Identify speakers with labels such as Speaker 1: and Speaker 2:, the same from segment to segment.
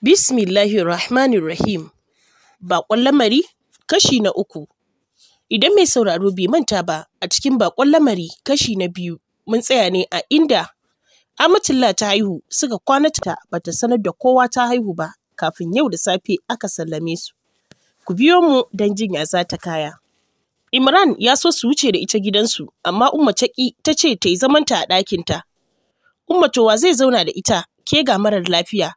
Speaker 1: Bismillahir Rahmanir Baƙon lamari kashi na uku. Idan mai sauraro bai manta ba a cikin baƙon lamari kashi na biyu mun tsaya ne a inda Amatullah ta haihu suka kwana ta bata sanar da kowa ta haihu ba kafin yau da safe aka sallame su. Ku biyo mu don jin ya za ta kaya. Imran ya so su wuce da ita gidansu amma Umma Caƙi ta ce ta yi zamanta a ɗakinta. Umma zai zauna da ita ke ga marar lafiya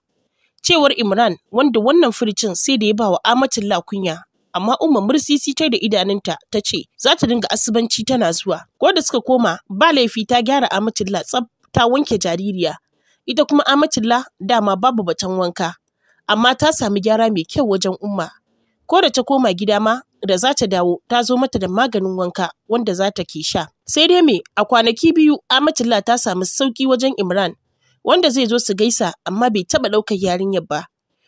Speaker 1: Cewar Imran wanda wannan furicin sai da ya ba wa Amatullah kunya amma Umma mursisi ta da idanunta ta ce za ta dinga asibanci tana zuwa. Ko da suka koma ba laifi ta gyara Amatullah tsab ta wanke jaririya. Ita kuma Amatullah dama babu batan wanka amma ta sami gyara mai kyau wajen Umma. Ko da ta koma gida ma da za ta dawo ta zo mata da maganin wanka wanda za ta ke sha. Sai dai me a kwanaki biyu Amatullah ta samu sauki wajen Imran wanda zai zo su gaisa amma bai taba ɗaukar yarinyar ba.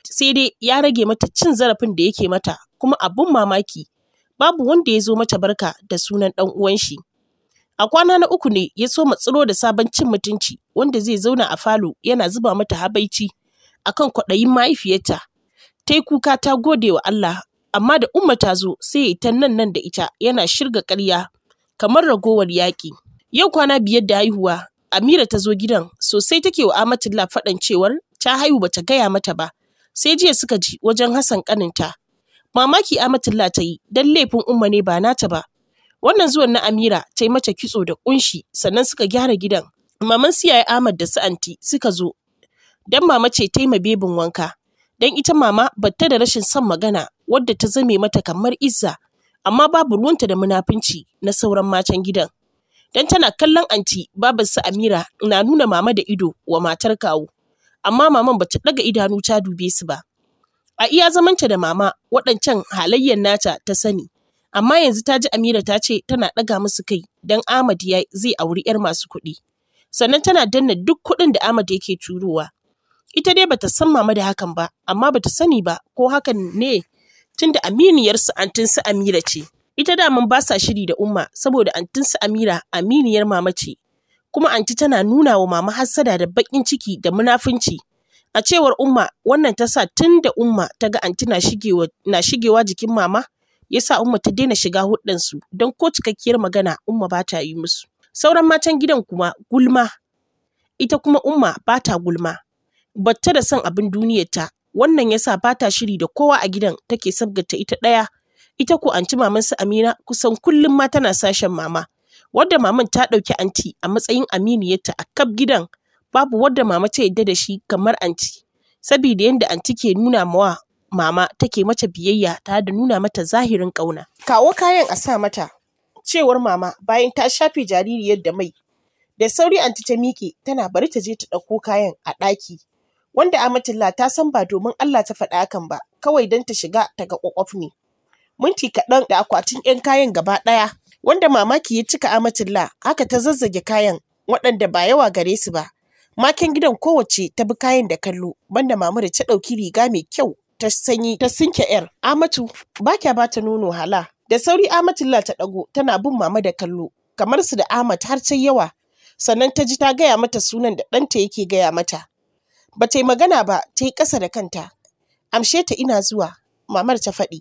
Speaker 1: Sai dai ya rage mata cin zarafin da yake mata kuma abun mamaki babu wanda ya zo mata barka da sunan ɗan uwan shi. A kwana na uku ne ya so tsiro da sabon cin mutunci wanda zai zauna a falo yana zuba mata habaici akan kwaɗayin mahaifiyarta. Ta yi kuka ta gode wa Allah amma da umma ta zo sai ita nan nan da ita yana shirga ƙarya kamar ragowar yaƙi. Yau kwana biyar da haihuwa Amira ta zo gidan sosai take wa Amatullah faɗan cewar ta haihu bata gaya mata ba. Sai jiya suka ji wajen Hassan ƙaninta. Mamaki Amatullah ta yi don laifin Umma ne ba nata ba. Wannan zuwan na Amira ta yi mata kitso da ƙunshi sannan suka gyara gidan. Maman siyaye Ahmad da su anti suka zo. don mama ce ta yi ma bebin wanka. Dan ita mama batta da rashin son magana wadda ta zame mata kamar izza. Amma babu ruwanta da munafunci na sauran macen gidan. don tana kallon anti su Amira na nuna mama da ido wa matar kawu. Amma maman bata ɗaga idanu ta dube su ba. A iya zamanta da mama waɗancan halayyar nata ta sani. Amma yanzu ta ji Amira ta ce tana ɗaga musu kai don Ahmad ya zai auri 'yar masu kuɗi. Sannan tana danna duk kuɗin da Ahmad yake turowa. Ita dai bata san mama da hakan ba, amma bata sani ba ko hakan ne tunda aminiyarsu su Amira ce. Ita daman ba sa shiri da Umma saboda antinsu Amira aminiyar mama ce, kuma anti tana nuna wa mama hassada da bakin ciki da munafunci. A cewar Umma wannan ta sa tun da Umma ta ga anti na shigewa, na shigewa jikin mama ya sa Umma ta daina shiga hudansu don ko cikakkiyar magana Umma ba ta yi musu. Sauran matan gidan kuma gulma ita kuma Umma ba ta gulma. Batta da son abin duniyarta wannan ya sa ba ta shiri da kowa a gidan take sabgata ita ɗaya Ita ko Maman su Amina kusan kullum ma tana sashen mama. Wadda maman ta ɗauki anti a matsayin aminiyarta a kab gidan babu wadda mama ta yadda da shi kamar anti. Sabida yadda anti ke nuna mawa mama take mata biyayya tare da nuna mata zahirin ƙauna. Kawo kayan a sa mata, cewar mama bayan ta shafe jaririyar da mai. Da sauri anti ta miƙe tana bari ta je ta ɗauko kayan a ɗaki. Wanda Amatullah ta san ba domin Allah ta faɗa hakan ba, kawai don ta shiga ta ga ƙwaƙwaf ne. minti kaɗan da akwatin 'yan kayan gaba ɗaya wanda mamaki ya cika amatilla haka ta zazzage kayan waɗanda ba yawa gare su ba maken gidan kowace ta bi kayan da kallo banda da ta ɗauki riga mai kyau ta sanyi ta sinke 'yar amatu ba kya ba ta nono hala da sauri amatilla ta ɗago tana bin mama da kallo kamar su da ahmad har ta yawa sannan ta ji ta gaya mata sunan da ɗanta yake gaya mata ba ta yi magana ba ta yi ƙasa da kanta amshe ta ina zuwa mamar ta faɗi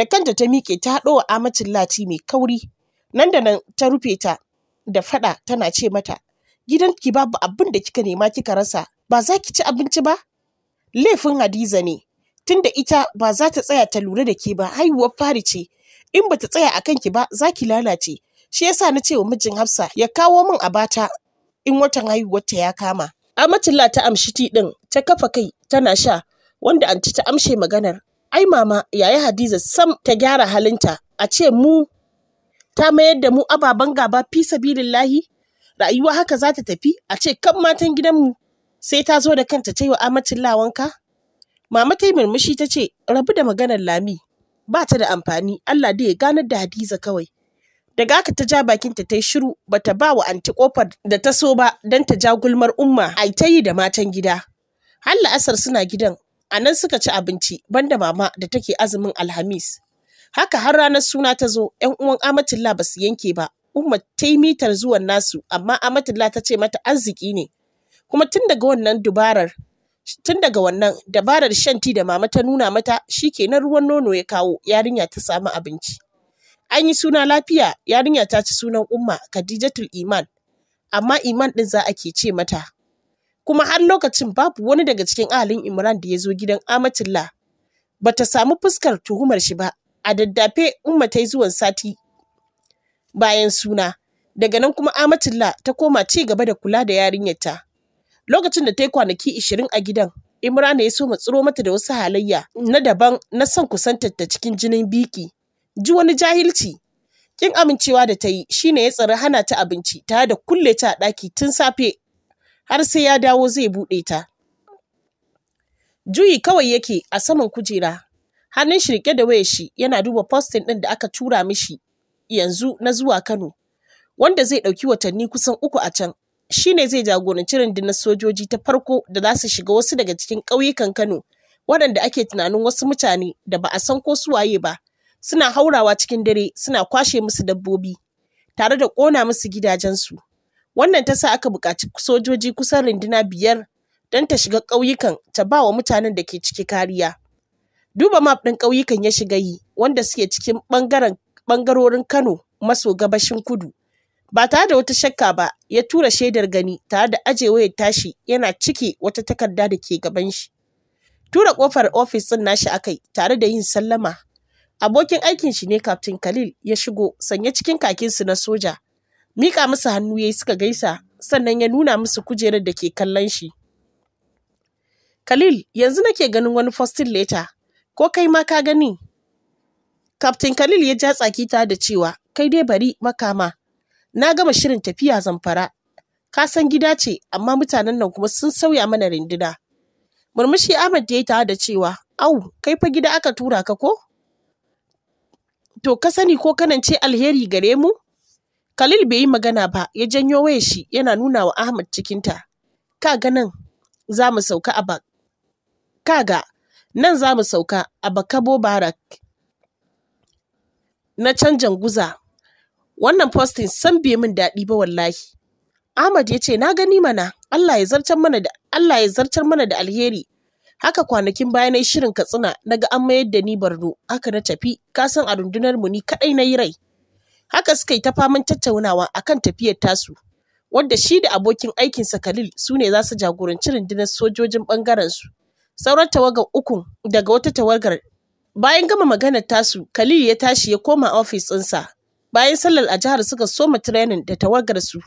Speaker 1: da kanta ta miƙe ta haɗo wa amacin lati mai kauri nan da nan ta rufe ta da faɗa tana ce mata gidan ki babu abin da kika nema kika rasa ba za ki ci abinci ba laifin hadiza ne tunda ita ba za ta tsaya ta lura da ke ba haihuwar fari ce in ba ta tsaya a kanki ba za ki lalace shi yasa na ce wa mijin hafsa ya kawo min abata in watan haihuwar ta ya kama amatilla ta amshi ti ɗin ta kafa kai tana sha wanda anti ta amshe maganar ai mama yayi hadiza sam ta gyara halinta a ce mu ta mayar da mu ababen gaba fi sabilillahi rayuwa haka za ta tafi a ce kan matan gidanmu sai ta zo da kanta ta yi wa amatin lawanka mama ta yi murmushi ta ce rabu da maganar lami ba ta da amfani allah da ya ganar da hadiza kawai daga haka ta ja bakinta ta yi shiru ba ta ba wa anti kofar da ta so ba don ta ja gulmar umma ai ta yi da matan gida har la'asar suna gidan A nan suka ci abinci banda mama da take azumin Alhamis. Haka har ranar suna ta zo, ‘yan uwan Amatulla ba su yanke ba, Umma ta yi mitar zuwan nasu, amma Amatulla ta ce mata arziki ne. Kuma tun daga wannan dubarar, tun daga wannan dabarar shan ti da mama ta nuna mata shi ke kenan ruwan nono ya kawo yarinya ta samu abinci. An yi suna lafiya, yarinya ta ci sunan Umma Khadijatul Iman, amma Iman ɗin za a ke ce mata. kuma har lokacin babu wani daga cikin ahalin Imran da ya zo gidan Amatullah ba ta samu fuskar tuhumar shi ba a daddafe umma ta yi zuwan sati bayan suna daga nan kuma Amatullah ta koma ci gaba da kula da yarinyarta lokacin da ta yi kwanaki ishirin a gidan Imran ya so tsiro mata da wasu halayya na daban na son kusantar ta cikin jinin biki ji wani jahilci kin amincewa da ta yi shine ya tsari hana ta abinci tare da kulle ta a ɗaki tun safe har sai ya dawo zai buɗe ta. Juyi kawai yake a saman kujera, hannun shirke da waya shi yana duba postin ɗin da aka tura mishi yanzu na zuwa Kano, wanda zai ɗauki watanni kusan uku a can. Shi ne zai jagoranci rundunar sojoji ta farko da za su shiga wasu daga cikin ƙauyukan Kano, waɗanda ake tunanin wasu mutane da ba a san ko su waye ba, suna haurawa cikin dare suna kwashe musu dabbobi, tare da ƙona musu gidajensu. Wannan ta sa aka buƙaci sojoji kusan runduna biyar don ta shiga ƙauyukan ta ba wa mutanen da ke ciki kariya. Duba map ɗin ƙauyukan ya shiga yi wanda suke cikin ɓangarorin Kano maso gabashin kudu. Ba tare da wata shakka ba ya tura shaidar gani tare da aje ya tashi yana cike wata takarda da ke gaban shi. Tura ƙofar ofis ɗin nashi akai tare da yin sallama abokin aikin shi ne Captain Khalil ya shigo sanye cikin kakinsu na soja miƙa musu hannu ya yi suka gaisa sannan ya nuna musu kujerar da ke kallon shi khalil yanzu nake ganin wani fostin leta ko kai ma ka gani kaftin khalil ya ja tsaki tare da cewa kai dai bari makama na gama shirin tafiya zamfara ka san gida ce amma mutanen nan kuma sun sauya mana rindina murmushi ahmad ya yi tare da cewa au kai fa gida aka tura ka ko to ka sani ko kanan ce alheri gare mu Khalil bai yi magana ba ya janyo wayar shi yana nuna wa Ahmad cikinta. Kaga nan za mu sauka a bak. ga nan za mu sauka a Bakabo Barak na canjan guza. Wannan postin san bai min daɗi ba wallahi. Ahmad ya ce na gani mana Allah ya zartar mana da Allah ya zartar mana da alheri. Haka kwanakin baya na shirin Katsina ga an mayar da ni barno haka na tafi kasan a rundunar mu ni kaɗai na yi rai. Haka suka yi ta faman tattaunawa a kan tafiyar tasu, wadda shi da abokin aikinsa Khalil su ne za su jagoranci rundunar sojojin ɓangarensu. Sauran tawagar uku daga wata tawagar Bayan gama maganar tasu, Khalil ya tashi ya koma ofis ɗinsa. Bayan sallar a jihar suka soma tirenin da su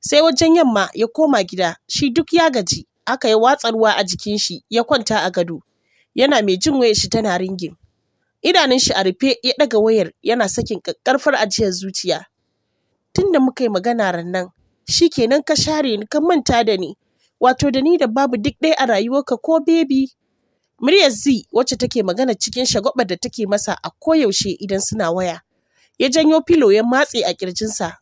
Speaker 1: Sai wajen yamma ya koma gida, shi duk ya gaji, aka yi watsarwa a jikin shi ya kwanta a gado. Yana mai jin wayar shi tana ringin. Idanun shi a rufe ya ɗaga wayar yana sakin ƙaƙƙarfar ajiyar zuciya. Tunda muka yi magana rannan, shi kenan ka share ni ka manta da ni, wato da ni da babu duk ɗaya a rayuwarka ko bebi. Muryar Z wacce take magana cikin shagwabar da take masa a koyaushe idan suna waya. Ya janyo filo ya matse a ƙirjinsa.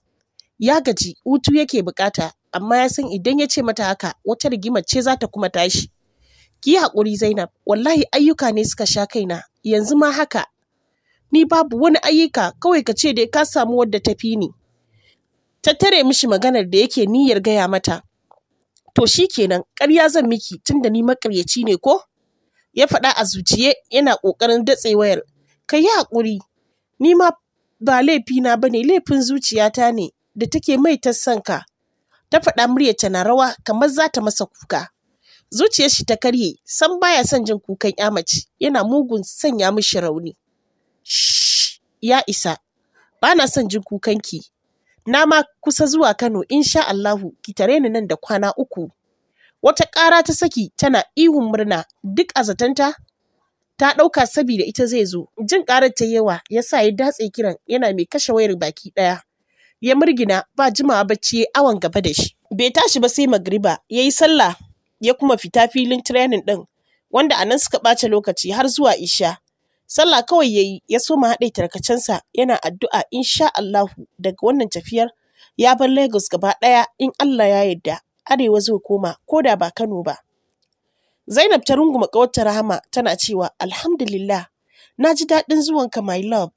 Speaker 1: Ya gaji, hutu yake bukata, amma ya san idan ya ce mata haka wata rigimar ce za ta kuma tashi. ki hakuri, Zainab, wallahi ayyuka ne suka sha kaina, yanzu ma haka. Ni babu wani ayyuka, kawai ka ce dai ka samu wadda tafi ni. Tattare tare mishi maganar da yake niyyar gaya mata. To shi kenan, ƙarya zan miki tunda ni maƙaryaci ne ko? Ya faɗa a zuciye yana ƙoƙarin datse wayar. Ka yi haƙuri, ni ma ba laifina ba ne, laifin zuciyata ne da take mai ta sanka. Ta faɗa muryarta na rawa kamar za ta masa kuka. zuciyar shi ta karye san baya son jin kukan ya mace yana mugun sanya mishi rauni ya isa bana son jin kukanki na ma kusa zuwa Kano insha Allahu ki tare ni nan da kwana uku wata ƙara ta saki tana ihun murna duk a zatanta ta ɗauka sabida ita zai zo jin ƙarar ta yawa ya sa ya datse kiran yana mai kashe wayar baki ɗaya ya murgina ba jimawa bacci ya awon gaba da shi bai tashi ba sai magriba ya yi sallah ya kuma fita filin tirenin ɗin wanda a nan suka ɓace lokaci har zuwa isha. Sallah kawai ya yi ya soma haɗe tarkacensa yana addu'a insha Allahu daga wannan tafiyar ya bar Lagos gaba ɗaya in Allah ya yarda arewa zai koma ko da ba Kano ba. Zainab ta runguma ƙawarta Rahama tana cewa Alhamdulillah na ji daɗin zuwanka my love.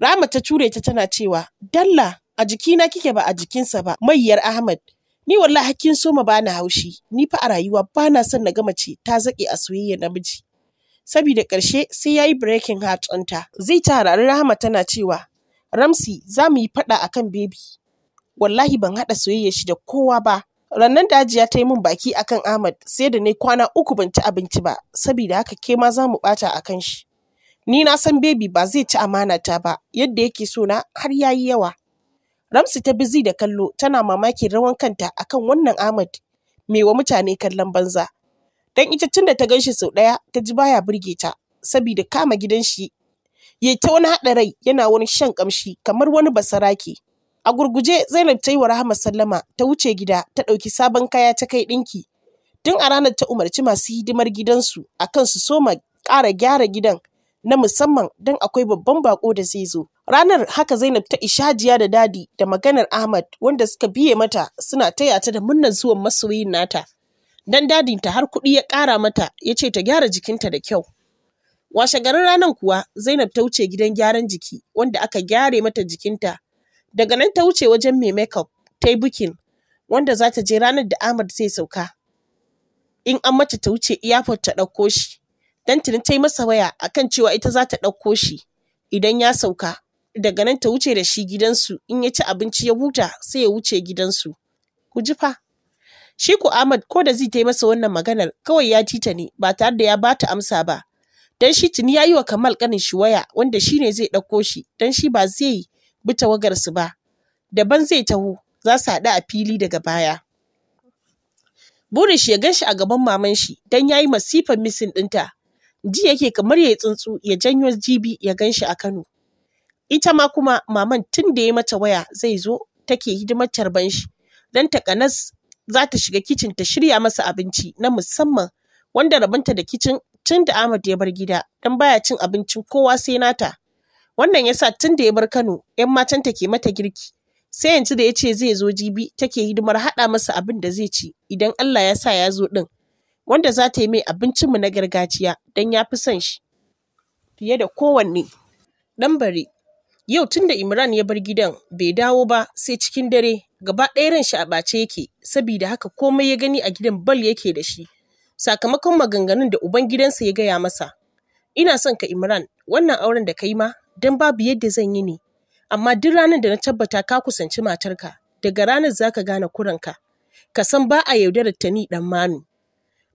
Speaker 1: Rahama ta ture ta tana cewa Dalla a jikina kike ba a jikinsa ba mayyar Ahmad Ni wallahi hakkin soma ba bani haushi, ni fa a rayuwa ba na son na ga mace ta zaƙe a soyayya namiji. Sabida ƙarshe sai ya yi breaking heart ɗinta. Zai ta harari Rahama tana cewa, Ramsi za mu yi faɗa akan kan bebi. Wallahi ban haɗa soyayya shi da kowa ba. Rannan da Hajiya ta yi min baki akan Ahmad sai da ne kwana uku ban ci abinci ba, sabida haka ke ma za mu ɓata a kan shi. Ni na san baby ba zai ci amana ta ba, yadda yake so na har yayi yawa. Ramsu ta bizi da kallo tana mamakin rawan kanta akan wannan Ahmad mai wa mutane kallon banza. Dan ita tun da ta ganshi sau ɗaya ta ji baya burge ta sabida kama gidan shi ya ta wani haɗa rai yana wani shan ƙamshi kamar wani basarake. A gurguje Zainab ta yi wa Rahama sallama ta wuce gida ta ɗauki sabon kaya ta kai ɗinki. Tun a ranar ta umarci masu hidimar gidansu akan su soma ƙara gyara gidan na musamman don akwai babban bako da zai zo. Ranar haka Zainab ta ishajiya da dadi da maganar Ahmad wanda suka biye mata suna taya ta da murnar zuwan masoyin nata. Dan dadin ta har kuɗi ya ƙara mata ya ce ta gyara jikinta da kyau. Washe garin ranar kuwa Zainab ta wuce gidan gyaran jiki wanda aka gyare mata jikinta. Daga nan ta wuce wajen mai makeup ta yi bukin wanda za ta je ranar da Ahmad zai sauka. In an mata ta wuce iyafot ta ɗauko shi. Dan tuni ta yi masa waya a kan cewa ita za ta ɗauko shi idan ya sauka daga nan ta wuce da shi gidansu in ya ci abinci ya huta sai ya wuce gidansu ku ji fa shi ku Ahmad ko da zai ta yi masa wannan maganar kawai ya tita ne ba tare da ya ba ta amsa ba dan shi tuni ya yi wa Kamal kanin shi waya wanda shi ne zai ɗauko shi dan shi ba zai bi tawagarsu ba daban zai taho za su haɗu a fili daga baya burin shi ya gan shi a gaban maman shi dan ya yi masifan misin ɗinta ji yake kamar ya yi tsuntsu ya janyo jibi ya gan shi a Kano. Ita ma kuma maman tun da ya mata waya zai zo take hidimar tarban shi don takanas za ta shiga kicin ta shirya masa abinci na musamman wanda rabanta da kicin tun da Ahmad ya bar gida don baya cin abincin kowa sai nata. Wannan ya sa tun da ya bar Kano 'yan matan ta ke mata girki. Sai yanzu da ya ce zai zo jibi take hidimar haɗa masa abin da zai ci idan Allah ya sa ya zo ɗin. wanda za ta yi mai abincinmu na gargajiya don ya fi son shi fiye da kowanne. Ɗan yau tun da Imran ya bar gidan bai dawo ba sai cikin dare gaba ɗaya ran shi a ɓace yake saboda haka komai ya gani a gidan bal yake da shi sakamakon maganganun da uban gidansa ya gaya masa. Ina son ka Imran wannan auren da ka yi ma don babu yadda zan yi ne amma duk ranar da na tabbata ka kusanci matarka daga ranar za ka gane kuranka ka san ba a yaudarar ta ni ɗan manu.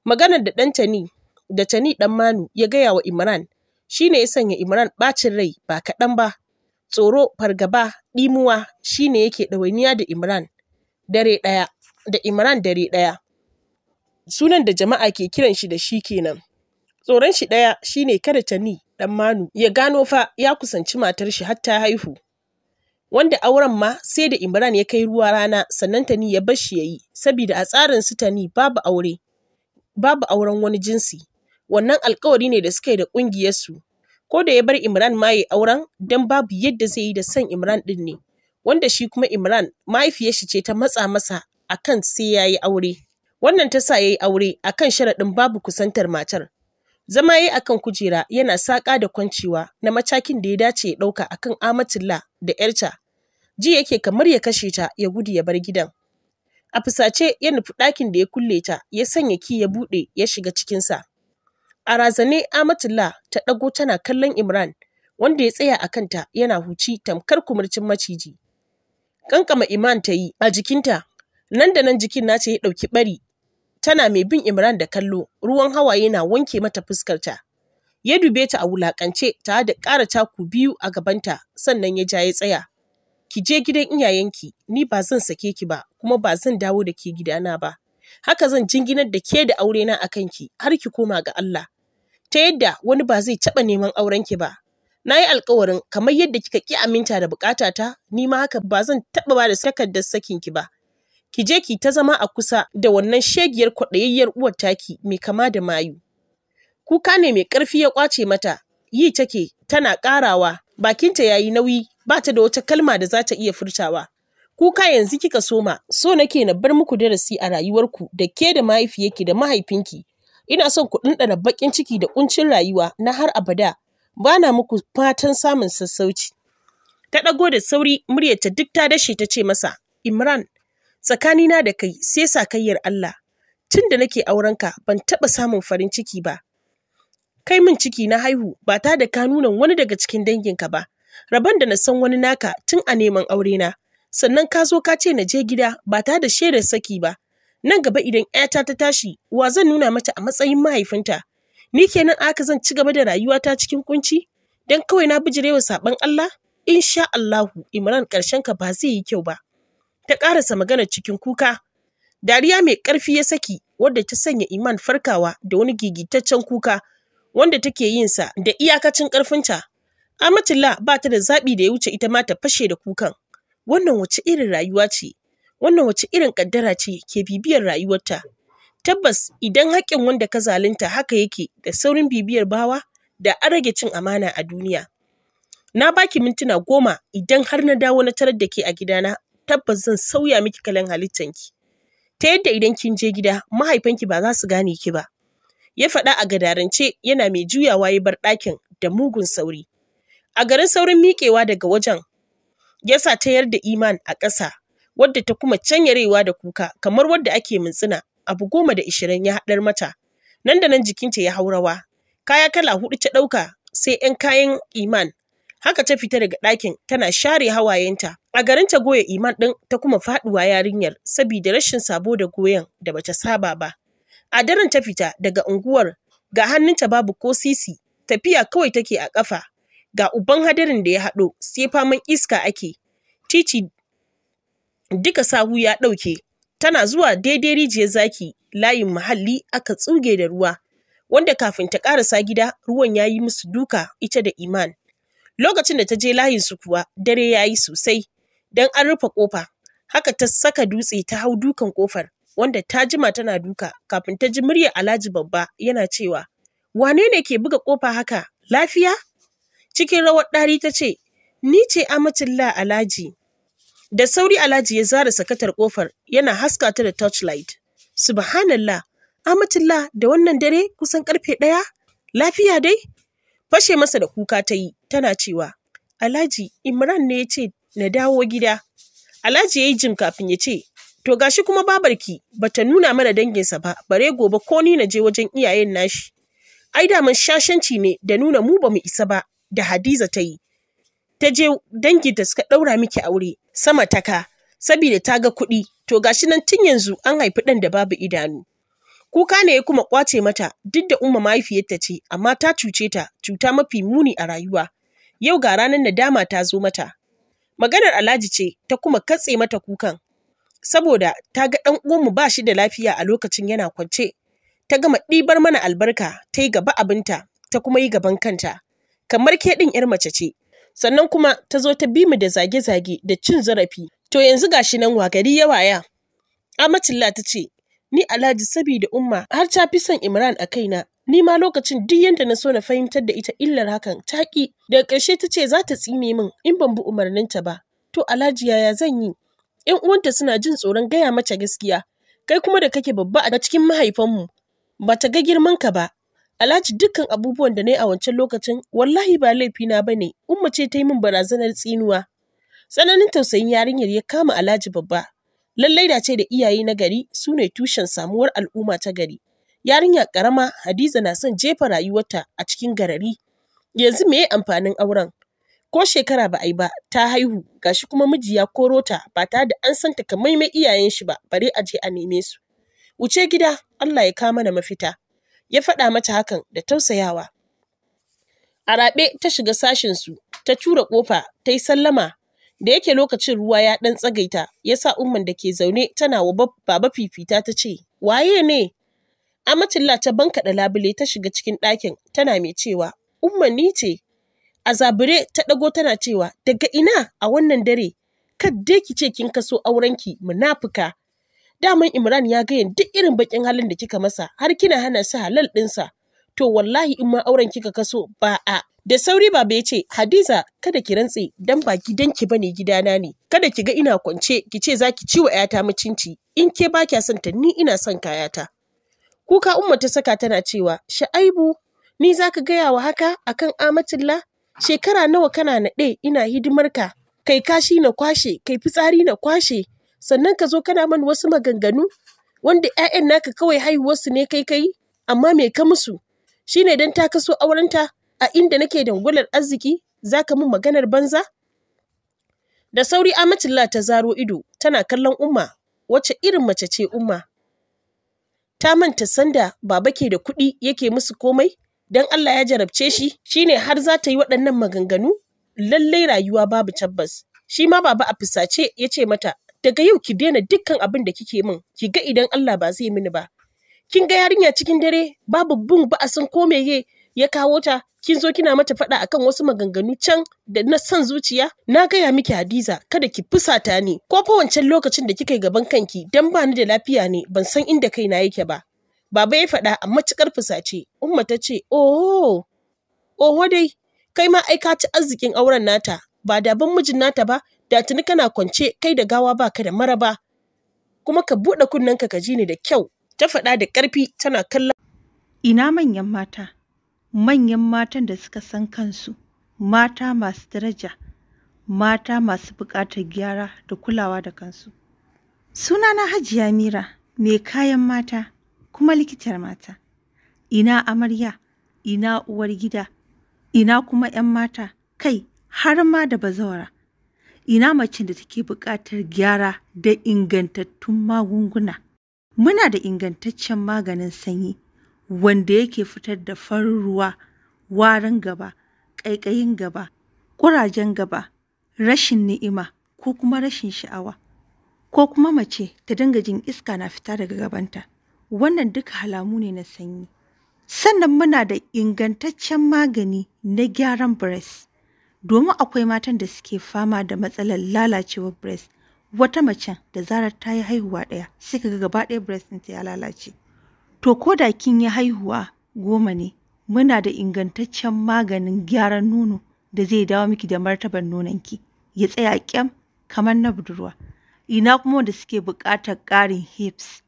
Speaker 1: Maganar da ɗan Tani da Tani ɗan Manu ya gaya wa Imran shine ya sanya Imran ɓacin rai ba kaɗan ba. Tsoro, fargaba, ɗimuwa shi ne yake ɗawainiya da Imran dare ɗaya da Imran dare ɗaya. Sunan da jama'a ke kiran shi da shi kenan. Tsoron shi ɗaya shine kada Tani ɗan Manu ya gano fa ya kusanci matar shi har ta haihu. wanda auren ma sai da Imran ya kai ruwa rana sannan Tani ya bar shi yayi saboda a tsarin su Tani babu aure babu auren wani jinsi. Wannan alkawari ne da suka yi da ƙungiyarsu. Ko da ya bar Imran ma ya auren don babu yadda zai yi da son Imran ɗin ne. Wanda shi kuma Imran mahaifiyarshi ce ta matsa masa akan sai ya yi aure. Wannan ta sa ya yi aure akan sharaɗin babu kusantar matar. Zama ya yi akan kujera yana saƙa da kwancewa na matakin da ya dace ya ɗauka akan Amatullah da ‘yarta. Ji yake kamar ya kashe ta ya gudu ya bar gidan. A fusace ya nufi ɗakin da ya kulle ta, ya sanya ki ya buɗe ya shiga cikinsa. A razane Amatullah ta ɗago tana kallon Imran, wanda ya tsaya a kanta yana huci tamkar kumurcin maciji. Ƙanƙama Iman ta yi a jikinta, nan da nan jikin nace ya ɗauki ɓari. Tana mai bin Imran da kallo, ruwan hawaye na wanke mata fuskarta. Ya dube ta a wulaƙance tare da ƙara taku biyu a gabanta, sannan ya ja ya tsaya. ki je gidan iyayenki ni ba zan sake ki ba kuma ba zan dawo da ke gidana ba haka zan jinginar da ke da aurena a kanki har ki koma ga Allah ta yadda wani ba zai taɓa neman aurenki ba na yi alkawarin kamar yadda kika ki aminta da bukatata ni ma haka ba zan taɓa ba da takardar ki ba ki je ki ta zama a kusa da wannan shegiyar kwaɗayayyar uwar taki mai kama da mayu kuka ne mai ƙarfi ya ƙwace mata yi take tana ƙarawa bakinta ya yi nauyi ba ta da wata kalma da za ta iya furtawa kuka yanzu kika soma so nake na bar muku darasi a rayuwarku da ke da mahaifiyarki da mahaifinki ina son ku ɗanɗana baƙin ciki da ƙuncin rayuwa na har abada bana muku fatan samun sassauci ta ɗago da sauri muryarta duk ta dashe ta ce masa imran tsakanina da kai sai sakayyar allah tun da nake aurenka ban taɓa samun farin ciki ba kai min ciki na haihu ba ta da ka nuna wani daga cikin danginka ba Rabon da na san wani naka tun a neman aure na. Sannan ka zo ka ce na je gida ba ta da shaidar saki ba. Nan gaba idan ƴata ta tashi, wa zan nuna mata a matsayin mahaifinta. Ni kenan aka zan ci gaba da rayuwata cikin kunci? Dan kawai na bijirewa sabon Allah? Insha Allahu, Imran karshen ka ba zai yi kyau ba. Ta ƙarasa magana cikin kuka. Dariya mai ƙarfi ya saki wadda ta sanya Iman farkawa da wani gigitaccen kuka wanda take yin sa da iyakacin ƙarfinta Amatilla ba ta da zaɓi da ya wuce ita ma ta fashe da kukan. Wannan wace irin rayuwa ce? Wannan wace irin ƙaddara ce ke bibiyar rayuwarta? Tabbas idan haƙƙin wanda ka zalunta haka yake da saurin bibiyar bawa da an rage cin amana a duniya. Na baki mintuna goma idan har na dawo na tarar da ke a gidana tabbas zan sauya miki kalan halittanki. Ta yadda idan kin je gida mahaifanki ba za su gane ki ba. Ya faɗa a gadarance yana mai juyawa ya bar ɗakin da mugun sauri. a garin saurin miƙewa daga wajen ya tayar da iman a ƙasa wadda ta kuma canyarewa da kuka kamar wadda ake mintsina abu goma da ishirin ya haɗar mata nan da nan jikinta ya hau rawa. kaya kala hudu ta ɗauka sai 'yan kayan iman haka ta fita daga ɗakin tana share hawayenta a garin ta goya iman ɗin ta kuma faɗuwa yarinyar sabida rashin sabo da goyon da bata saba ba a daren ta fita daga unguwar ga hannunta babu ko sisi tafiya kawai take a ƙafa ga uban hadarin da ya haɗo sai faman iska ake titi duka sahu ya ɗauke tana zuwa daidai rijiyar zaki layin muhalli aka tsuge da ruwa wanda kafin ta ƙarasa gida ruwan ya yi musu duka ita da iman lokacin da ta je layin su kuwa dare ya yi sosai don an rufe ƙofa haka ta saka dutse ta hau dukan ƙofar wanda ta jima tana duka kafin ta ji muryar alhaji babba yana cewa wane ne ke buga ƙofa haka lafiya cikin rawar ɗari ta ce, Ni ce Amatullah Alhaji. Da sauri Alhaji ya zara sakatar ƙofar yana haska ta da torchlight. Subhanallah, Amatullah da wannan dare kusan ƙarfe ɗaya? Lafiya dai? Fashe masa da kuka ta yi, tana cewa, Alhaji Imran ne ya ce na dawo gida. Alhaji ya yi jim kafin ya ce, To gashi kuma babarki bata nuna mana danginsa ba, bare gobe ko ni na je wajen iyayen nashi. Ai da mun shashanci ne da nuna mu ba mu isa ba, da Hadiza ta yi. Ta je danginta suka ɗaura miki aure sama taka sabida ta ga kuɗi to gashi nan tun yanzu an haifi ɗan da babu idanu. Kuka ne ya kuma kwace mata duk da umma mahaifiyarta ce amma ta cuce ta cuta mafi muni a rayuwa. Yau ga ranar nadama ta zo mata. Maganar Alhaji ce ta kuma katse mata kukan saboda ta ga ɗan uwanmu ba shi da lafiya a lokacin yana kwance. Ta gama ɗibar mana albarka ta yi gaba abinta ta kuma yi gaban kanta. kamar ke ɗin 'yar mace ce. Sannan kuma ta zo ta bi mu da zage-zage da cin zarafi. To yanzu gashi nan wa gari ya waya. Amatilla ta ce, Ni Alhaji sabida umma har ta fi son Imran a kaina, ni ma lokacin duk yadda na so na fahimtar da ita illar hakan ta Daga ƙarshe ta ce za ta tsine min in ban bi umarninta ba. To Alhaji yaya zan yi? ‘Yan uwanta suna jin tsoron gaya mace gaskiya, kai kuma da kake babba a cikin mahaifanmu, ba ta ga girman ka ba, Alhaji dukkan abubuwan da na yi a wancan lokacin wallahi ba na ba ne, umma ce ta yi min barazanar tsinuwa. Tsananin tausayin yarinyar ya kama Alhaji babba. Lallai da ce da iyaye na gari su ne tushen samuwar al'umma ta gari. Yarinya karama Hadiza na son jefa rayuwarta a cikin garari. Yanzu me amfanin auren? Ko shekara ba a yi ba, ta haihu, gashi kuma miji ya koro ta ba ta da an san mai iyayen shi ba, bare a je a neme su. Wuce gida, Allah ya kama na mafita. ya faɗa mata hakan da tausayawa. A raɓe ta shiga sashinsu, ta tura ƙofa, ta yi sallama, da yake lokacin ruwa ya ɗan tsagaita, ya sa umman da ke zaune tana wa baba fifita ta ce, Waye ne? Amatilla ta da labule ta shiga cikin ɗakin, tana mai cewa, Umman ni ce. A zabure ta ɗago tana cewa, Daga ina a wannan dare, kadda ki ce kin kaso aurenki munafuka daman Imran ya ga duk irin bakin halin da kika masa har kina hana sa halal dinsa. To wallahi in ma auren kika kaso ba a. Da sauri baba ya ce, Hadiza, kada ki rantse dan ba gidanki ba ne gidana ne. Kada ki ga ina kwance, ki ce za ci wa ‘yata mucinci in ke ba kya son ta ni ina son kayata. Kuka Umma ta saka tana cewa, Sha'aibu, ni zaka ka gaya wa haka akan Amatullah? Shekara nawa kana naɗe ina hidimarka, kai kashi na kwashe, kai fitsari na kwashe, sannan ka zo kana man wasu maganganu wanda 'ya'yan naka kawai haihuwarsu ne kai kai amma me ka musu shine dan ta kaso aurenta a inda nake dangular arziki zaka min maganar banza da sauri amatilla ta zaro ido tana kallon umma wacce irin mace ce umma ta manta sanda baba ke da kuɗi yake musu komai dan Allah ya jarabce shi shine har za ta yi waɗannan maganganu lallai rayuwa babu tabbas shi ma baba a fusace ya ce mata daga yau ki daina dukkan abin da kike min ki ga idan Allah ba zai mini ba kin ga yarinya cikin dare babu bin ba a san ko meye ya kawo ta kin zo kina mata faɗa akan wasu maganganu can da na san zuciya na gaya miki Hadiza kada ki fusata ni ko fa wancan lokacin da kika gaban kanki dan ba ni da lafiya ne ban san inda kaina yake ba baba ya faɗa a matukar fusace umma ta ce oho oho dai kai ma ai ci arzikin auren nata ba da abin mijin nata ba da tuni kana kwance kai da gawa ba ka da maraba kuma ka buɗe kunnenka ka ji ne da kyau ta faɗa da ƙarfi tana kallon ina manyan
Speaker 2: mata manyan matan da suka san kansu mata masu daraja mata masu buƙatar gyara da kulawa da kansu sunana hajiya mira mai kayan mata kuma likitar mata ina amarya ina uwar gida ina kuma 'yan mata kai har ma da bazawara. Ina macen da take buƙatar gyara da ingantattun magunguna. Muna da ingantaccen maganin sanyi wanda yake fitar da farin ruwa, warin gaba, ƙaiƙayin gaba, ƙurajen gaba, rashin ni'ima ko kuma rashin sha'awa. Ko kuma mace ta dinga jin iska na fita daga gabanta. Wannan duka halamu ne na sanyi. Sannan muna da ingantaccen magani na gyaran breast. domin akwai matan da suke fama da matsalar lalacewar breast wata macen da zarar ta yi haihuwa ɗaya sai ka ga gaba ɗaya breast ta ya lalace to ko da kin yi haihuwa goma ne muna da ingantaccen maganin gyaran nono da zai dawo miki da martabar nonon ki, ya tsaya kyam kamar na budurwa ina kuma wanda suke buƙatar ƙarin hips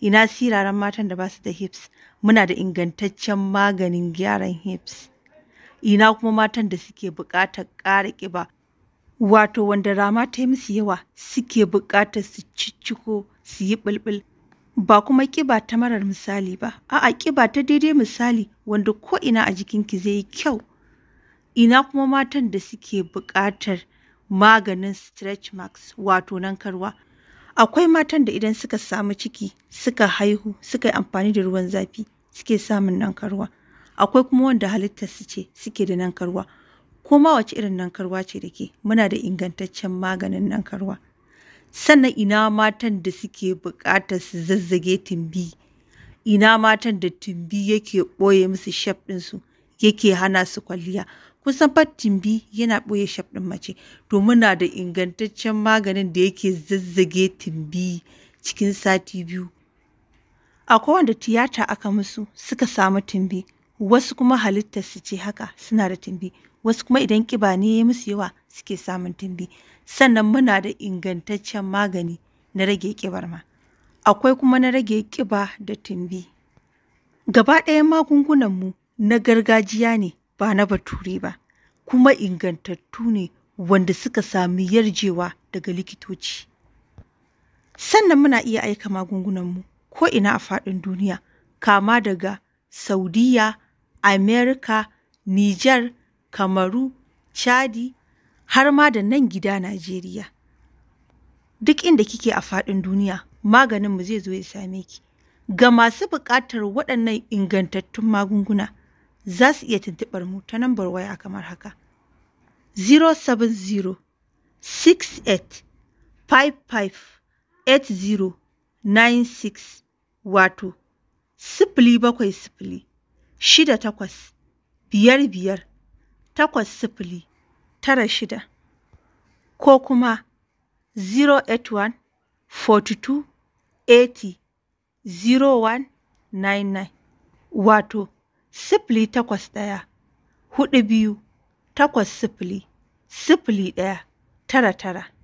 Speaker 2: ina siraran matan da ba su da hips muna da ingantaccen maganin gyaran hips ina kuma matan da suke buƙatar ƙara ƙiba wato wanda rama ta yi musu yawa suke buƙatar su cicciko su yi ɓulɓul ba kuma ƙiba ta marar misali ba a'a ƙiba ta daidai misali wanda ko ina a jikinki zai yi kyau ina kuma matan da suke buƙatar maganin stretch marks wato nankarwa akwai matan da idan suka samu ciki suka haihu suka yi amfani da ruwan zafi suke samun nankarwa akwai kuma wanda halittar su ce suke da nankarwa ko ma wace irin nankarwa ce da ke muna da ingantaccen maganin nankarwa sannan ina matan da suke buƙatar su zazzage tumbi ina matan da tumbi yake ɓoye musu shaf ɗinsu yake hana su kwalliya kusan fa tumbi yana ɓoye shaf ɗin mace to muna da ingantaccen maganin da yake zazzage tumbi cikin sati biyu akwai wanda tiyata aka musu suka samu tumbi wasu kuma halittar su ce haka suna da tumbi wasu kuma idan kiba ne ya musu yawa suke samun tumbi sannan muna da ingantaccen magani na rage kibar ma akwai kuma na rage kiba da tumbi gaba ɗaya magungunan mu na gargajiya ne ba na bature ba kuma ingantattu ne wanda suka sami yarjewa daga likitoci sannan muna iya aika magungunanmu ko ina a faɗin duniya kama daga saudiya Amerika, Nijar, Kamaru, Chadi har ma da nan gida Najeriya. Duk inda kike a faɗin duniya, maganinmu zai zo ya same ki. Ga masu buƙatar waɗannan ingantattun magunguna, za su iya tuntuɓar mu ta nambar waya kamar haka: 070 68 55 8096 wato sifili bakwai sifili shida takwas biyar biyar takwas sifili tara shida ko kuma 081 42 80 0199 wato sifili takwas ɗaya huɗu biyu takwas sifili sifili ɗaya tara tara.